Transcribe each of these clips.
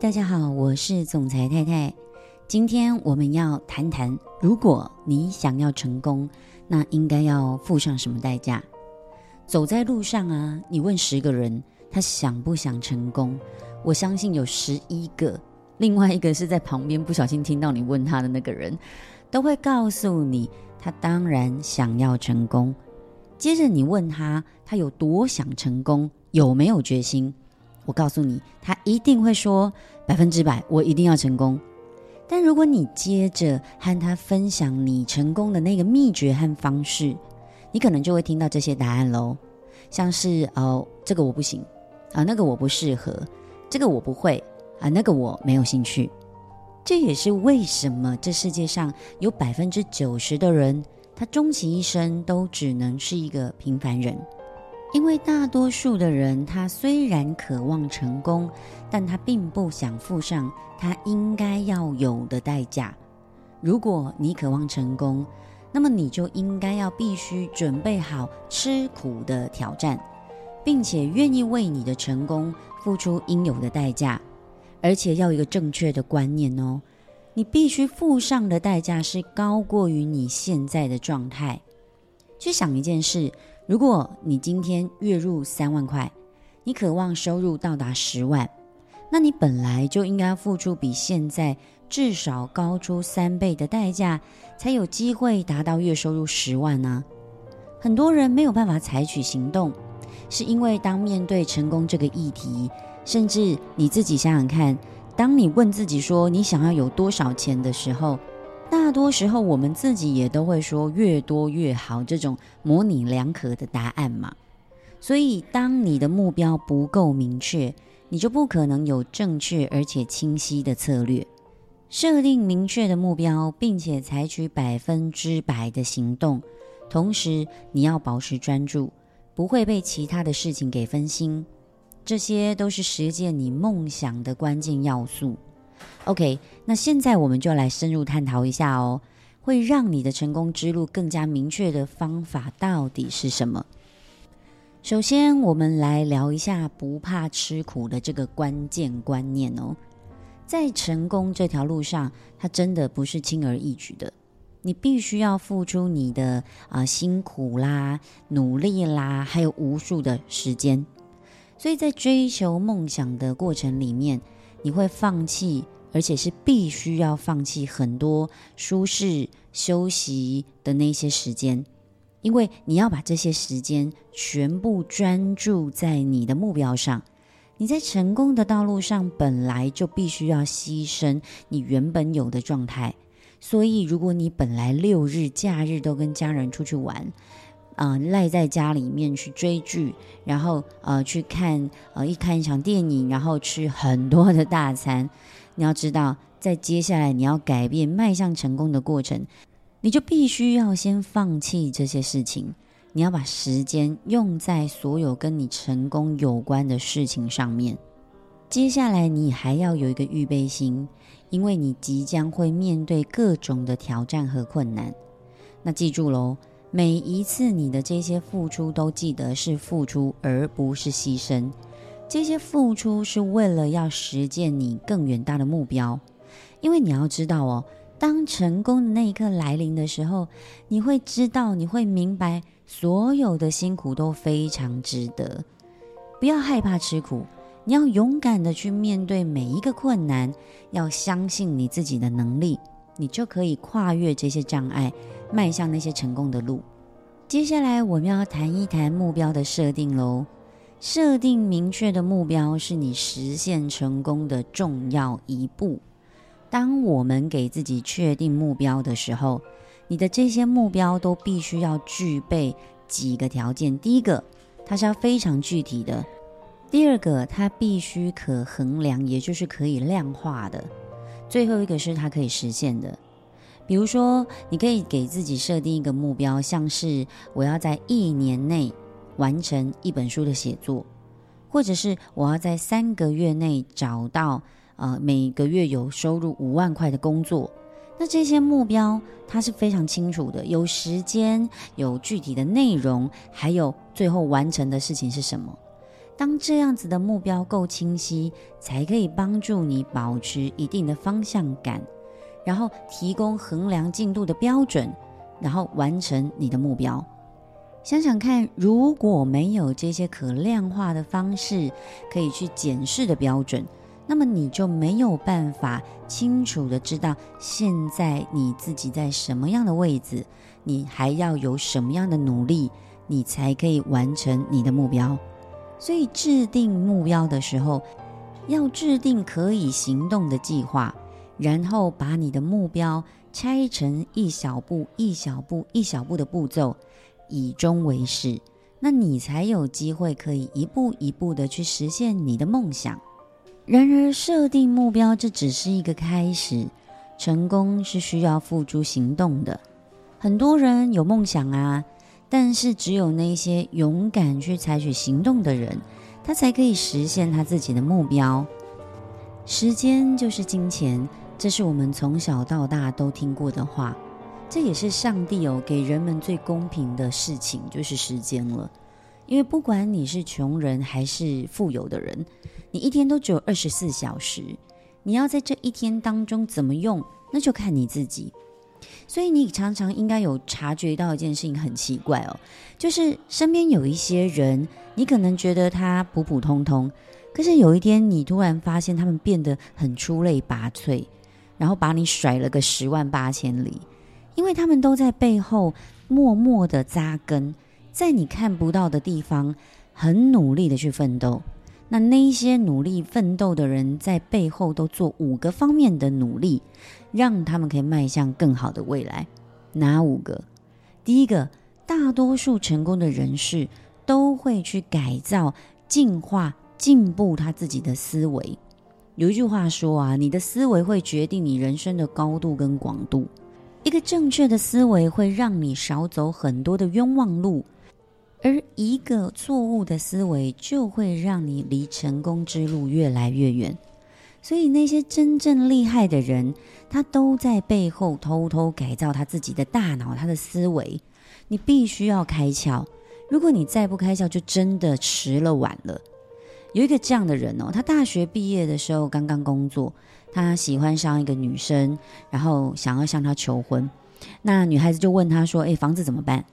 大家好，我是總裁太太。今天我們要談談，如果你想要成功，那應該要付上什麼代價？走在路上啊，你問十個人，他想不想成功？我相信有十一個，另外一個是在旁邊不小心聽到你問他的那個人，都會告訴你他當然想要成功。接着你問他，他有多想成功？有沒有決心？我告訴你，他一定會說百分之百，我一定要成功。但如果你接着和他分享你成功的那個秘訣和方式，你可能就會聽到這些答案嘍、哦，像是哦這個我不行啊，那個我不適合，這個我不會啊，那個我沒有興趣。這也是為什麼這世界上有百分之九十的人，他終其一生都只能是一個平凡人。因為大多數的人，他雖然渴望成功，但他並不想付上他應該要有的代價。如果你渴望成功，那麼你就應該要必須準備好吃苦的挑戰，並且願意為你的成功付出應有的代價，而且要有一個正確的觀念哦。你必須付上的代價是高過於你現在的狀態。去想一件事。如果你今天月入三萬塊，你渴望收入到達十萬，那你本來就應該付出比現在至少高出三倍的代價，才有機會達到月收入十萬呢、啊。很多人沒有辦法採取行動，是因為當面對成功這個議題，甚至你自己想想看，當你問自己說你想要有多少錢的時候。大多時候，我們自己也都會說“越多越好”這種模稜兩可的答案嘛。所以，當你的目標不夠明確，你就不可能有正確而且清晰的策略。設定明確的目標，並且採取百分之百的行動，同時你要保持專注，不會被其他的事情給分心。這些都是實踐你夢想的關鍵要素。OK，那現在我們就來深入探討一下哦，會讓你的成功之路更加明確的方法到底是什麼？首先，我們來聊一下不怕吃苦的這個關鍵觀念哦。在成功這條路上，它真的不是輕而易舉的，你必須要付出你的啊、呃、辛苦啦、努力啦，還有無數的時間。所以在追求夢想的過程裡面。你會放棄，而且是必須要放棄很多舒適休息的那些時間，因為你要把這些時間全部專注在你的目標上。你在成功的道路上本來就必須要犧牲你原本有的狀態，所以如果你本來六日假日都跟家人出去玩，啊、呃，賴在家裡面去追劇，然後呃去看呃一看一場電影，然後吃很多的大餐。你要知道，在接下來你要改變邁向成功的過程，你就必須要先放棄這些事情。你要把時間用在所有跟你成功有關的事情上面。接下來你還要有一個預備心，因為你即將會面對各種的挑戰和困難。那記住嘍。每一次你的這些付出都記得是付出而不是犧牲，這些付出是為了要實踐你更遠大的目標。因為你要知道哦，當成功的那一刻來臨的時候，你會知道，你會明白所有的辛苦都非常值得。不要害怕吃苦，你要勇敢的去面對每一個困難，要相信你自己的能力。你就可以跨越這些障礙，邁向那些成功的路。接下來我們要談一談目標的設定嘍。設定明確的目標是你實現成功的重要一步。當我們給自己確定目標的時候，你的這些目標都必須要具備幾個條件。第一個，它是要非常具體的；第二個，它必須可衡量，也就是可以量化的。最後一個是它可以實現的，比如說，你可以給自己設定一個目標，像是我要在一年內完成一本書的寫作，或者是我要在三個月內找到呃每個月有收入五萬塊的工作。那這些目標它是非常清楚的，有時間，有具體的內容，還有最後完成的事情是什麼。當這樣子的目標夠清晰，才可以幫助你保持一定的方向感，然後提供衡量進度的標準，然後完成你的目標。想想看，如果沒有這些可量化的方式可以去檢視的標準，那麼你就沒有辦法清楚地知道現在你自己在什麼樣的位置，你還要有什麼樣的努力，你才可以完成你的目標。所以制定目標的時候，要制定可以行動的計劃，然後把你的目標拆成一小步、一小步、一小步的步驟，以終為始，那你才有機會可以一步一步地去實現你的夢想。然而，設定目標這只是一個開始，成功是需要付諸行動的。很多人有夢想啊。但是，只有那些勇敢去採取行動的人，他才可以實現他自己的目標。時間就是金錢，這是我們從小到大都聽過的話。這也是上帝哦，給人們最公平的事情，就是時間了。因為不管你是窮人還是富有的人，你一天都只有24小時，你要在這一天當中怎麼用，那就看你自己。所以你常常應該有察覺到一件事情很奇怪哦，就是身邊有一些人，你可能覺得他普普通通，可是有一天你突然發現他們變得很出類拔萃，然後把你甩了個十萬八千里，因為他們都在背後默默的扎根，在你看不到的地方很努力的去奮鬥。那那一些努力奮鬥的人在背後都做五個方面的努力，讓他們可以邁向更好的未來。哪五個？第一個，大多數成功的人士都會去改造、進化、進步他自己的思維。有一句話說啊，你的思維會決定你人生的高度跟廣度。一個正確的思維會讓你少走很多的冤枉路。而一個錯誤的思維，就會讓你離成功之路越來越遠。所以，那些真正厲害的人，他都在背後偷偷改造他自己的大腦，他的思維。你必須要開竅。如果你再不開竅，就真的遲了晚了。有一個這樣的人哦，他大學畢業的時候剛剛工作，他喜歡上一個女生，然後想要向她求婚。那女孩子就問他說：“誒、欸，房子怎麼辦？”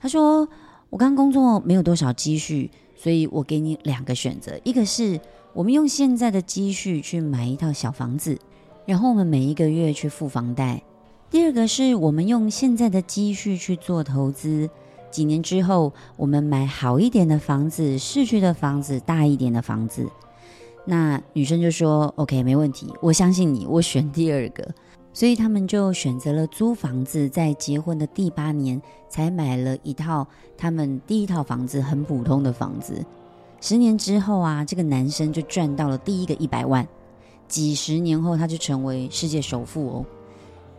他說：我剛工作沒有多少積蓄，所以我給你兩個選擇：一個是我們用現在的積蓄去買一套小房子，然後我們每一個月去付房貸；第二個是我們用現在的積蓄去做投資，幾年之後我們買好一點的房子，市區的房子，大一點的房子。那女生就說：“OK，沒問題，我相信你，我選第二個。”所以他們就選擇了租房子，在結婚的第八年才買了一套他們第一套房子，很普通的房子。十年之後啊，這個男生就賺到了第一個一百萬。幾十年後，他就成為世界首富哦。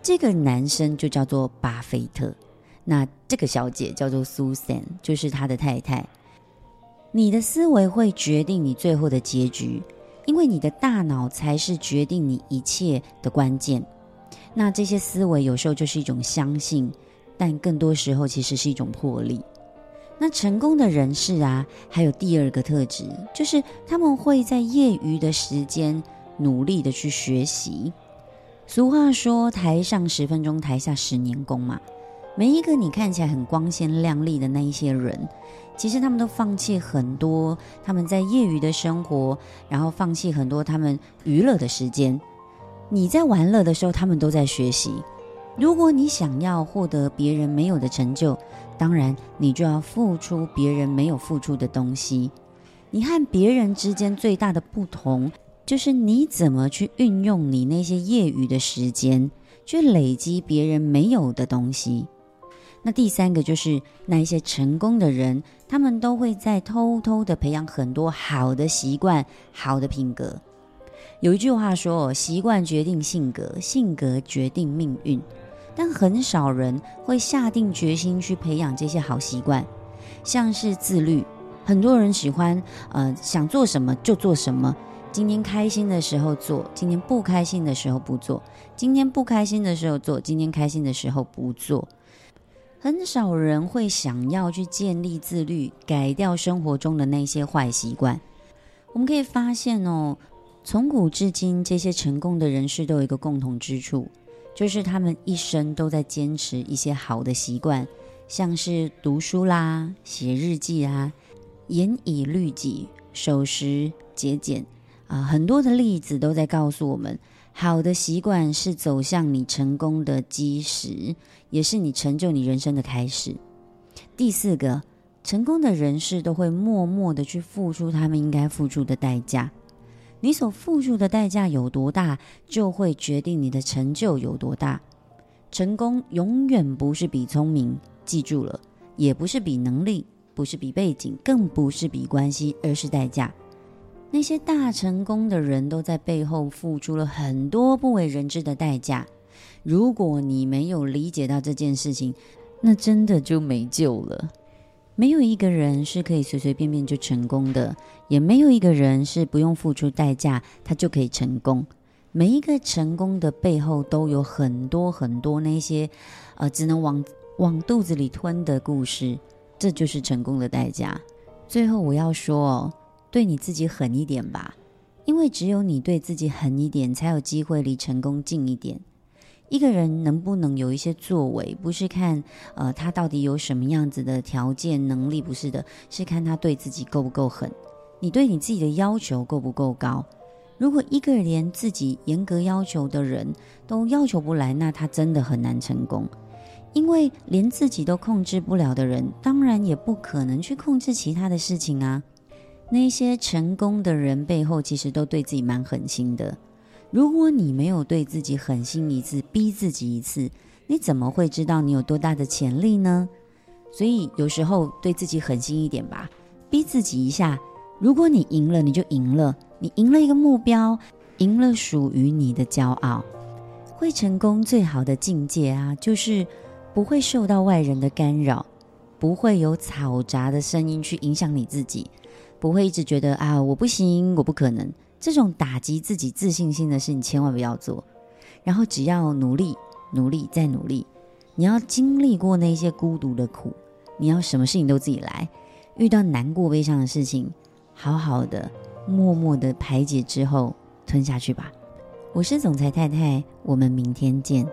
這個男生就叫做巴菲特，那這個小姐叫做 Susan，就是他的太太。你的思維會決定你最後的結局，因為你的大腦才是決定你一切的關鍵。那這些思維有時候就是一種相信，但更多時候其實是一種魄力。那成功的人士啊，還有第二個特質，就是他們會在業餘的時間努力的去學習。俗話說“台上十分鐘，台下十年功”嘛。每一個你看起來很光鮮亮麗的那一些人，其實他們都放棄很多他們在業餘的生活，然後放棄很多他們娛樂的時間。你在玩樂的時候，他們都在學習。如果你想要獲得別人沒有的成就，當然你就要付出別人沒有付出的東西。你和別人之間最大的不同，就是你怎麼去運用你那些業餘的時間，去累積別人沒有的東西。那第三個就是，那一些成功的人，他們都會在偷偷的培養很多好的習慣、好的品格。有一句話說：“習慣決定性格，性格決定命運。”但很少人會下定決心去培養這些好習慣，像是自律。很多人喜歡呃，想做什麼就做什麼，今天開心的時候做，今天不開心的時候不做，今天不開心的時候做，今天開心的時候不做。很少人會想要去建立自律，改掉生活中的那些壞習慣。我們可以發現哦。從古至今，這些成功的人士都有一個共同之處，就是他們一生都在堅持一些好的習慣，像是讀書啦、寫日記啊、嚴以律己、守時節儉啊、呃。很多的例子都在告訴我們，好的習慣是走向你成功的基石，也是你成就你人生的開始。第四個，成功的人士都會默默地去付出他們應該付出的代價。你所付出的代價有多大，就會決定你的成就有多大。成功永遠不是比聰明，記住了，也不是比能力，不是比背景，更不是比關係，而是代價。那些大成功的人都在背後付出了很多不為人知的代價。如果你沒有理解到這件事情，那真的就沒救了。沒有一個人是可以隨隨便便就成功的，也沒有一個人是不用付出代價他就可以成功。每一個成功的背後都有很多很多那些，呃，只能往往肚子裡吞的故事，這就是成功的代價。最後我要說哦，對你自己狠一點吧，因為只有你對自己狠一點，才有機會離成功近一點。一個人能不能有一些作為，不是看呃他到底有什麼樣子的條件能力，不是的，是看他對自己夠不夠狠，你對你自己的要求夠不夠高？如果一個人連自己嚴格要求的人都要求不來，那他真的很難成功，因為連自己都控制不了的人，當然也不可能去控制其他的事情啊。那些成功的人背後，其實都對自己蠻狠心的。如果你沒有對自己狠心一次，逼自己一次，你怎麼會知道你有多大的潛力呢？所以有時候對自己狠心一點吧，逼自己一下。如果你贏了，你就贏了，你贏了一個目標，贏了屬於你的驕傲。會成功最好的境界啊，就是不會受到外人的干擾，不會有嘈雜的聲音去影響你自己，不會一直覺得啊我不行，我不可能。這種打擊自己自信心的事，你千萬不要做。然後只要努力、努力再努力，你要經歷過那些孤獨的苦，你要什麼事情都自己來。遇到難過悲傷的事情，好好的、默默的排解之後，吞下去吧。我是總裁太太，我們明天見。